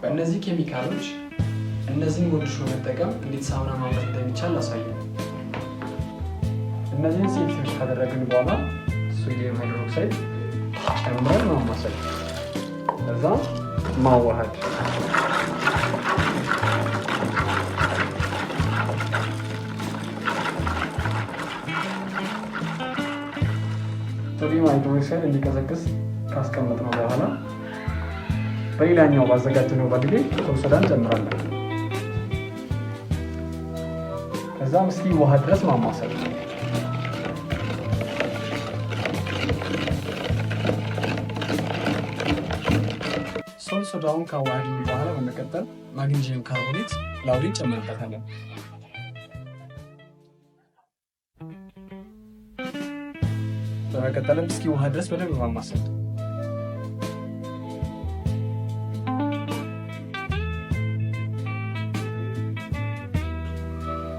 በእነዚህ ኬሚካሎች እነዚህን ወድሾ መጠቀም እንዴት ሳሙና ማምረት እንደሚቻል አሳየ። እነዚህን ሴንሶች ካደረግን በኋላ ሶዲየም ሃይድሮክሳይድ ጨምረን ማማሰል፣ እዛ ማዋሃድ ሶዲየም ሃይድሮክሳይድ እንዲቀዘቅዝ ካስቀመጥነው በኋላ በሌላኛው ባዘጋጀነው ጥቁር ተወሰዳ እንጀምራለን። ከዛም እስኪ ውሃ ድረስ ማማሰል ሶል ሶዳውን ከዋህድ በኋላ በመቀጠል ማግኒዥየም ካርቦኔት ላውሪ ጨምርበታለን። በመቀጠልም እስኪ ውሃ ድረስ በደንብ ማማሰል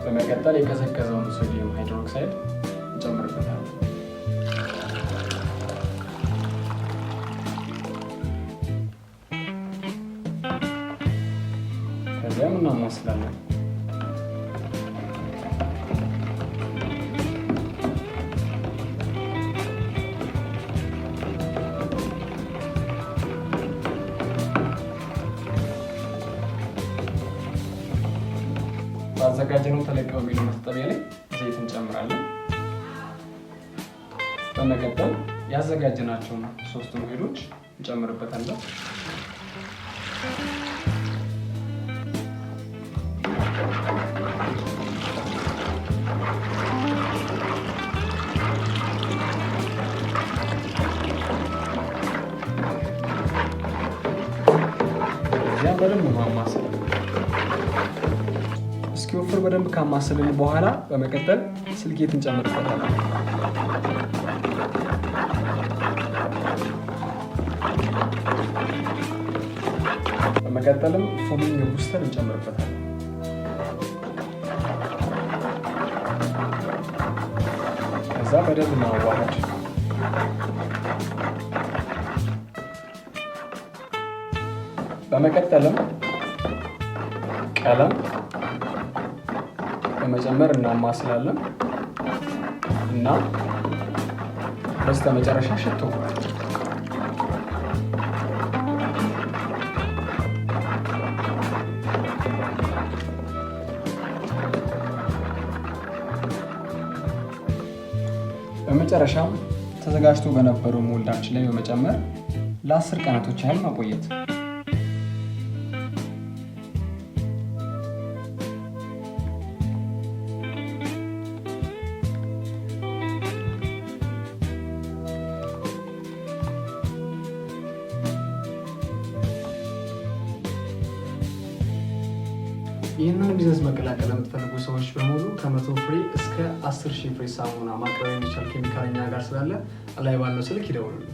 በመቀጠል የቀዘቀዘውን ሶዲየም ሃይድሮክሳይድ እንጨምርበታል። ከዚያም እናማስላለን። ባዘጋጀነው ተለቀው የሚለው መታጠቢያ ላይ ዘይት እንጨምራለን። በመቀጠል ያዘጋጀናቸውን ሶስቱን ሄዶች እንጨምርበታለን። እዚያም በደንብ ማማሰል እስኪወፍር በደንብ ካማሰልን በኋላ በመቀጠል ስልጌት እንጨምርበታለን። በመቀጠልም ፎሚንግ ቡስተር እንጨምርበታለን። ከዛ በደንብ ማዋሃድ በመቀጠልም ቀለም በመጨመር እናማስላለን እና በስተ መጨረሻ ሽቶ በመጨረሻም ተዘጋጅቶ በነበረው ሞልዳችን ላይ በመጨመር ለአስር ቀናቶች ያህል ማቆየት ይህንን ቢዝነስ መቀላቀል ለምትፈልጉ ሰዎች በሙሉ ከመቶ ፍሬ እስከ አስር ሺህ ፍሬ ሳሙና ማቅረብ የሚቻል ኬሚካል እኛ ጋር ስላለ ላይ ባለው ስልክ ይደውሉልን።